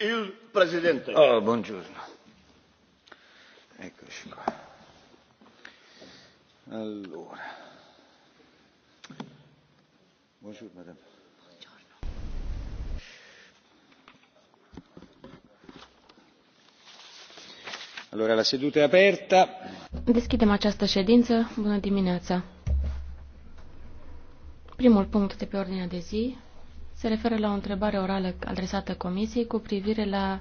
il presidente oh, buongiorno eccoci qua allora buongiorno madame buongiorno allora la seduta è aperta deschidem această ședință bună dimineața primul punct de pe ordinea de zi se referă la o întrebare orală adresată Comisiei cu privire la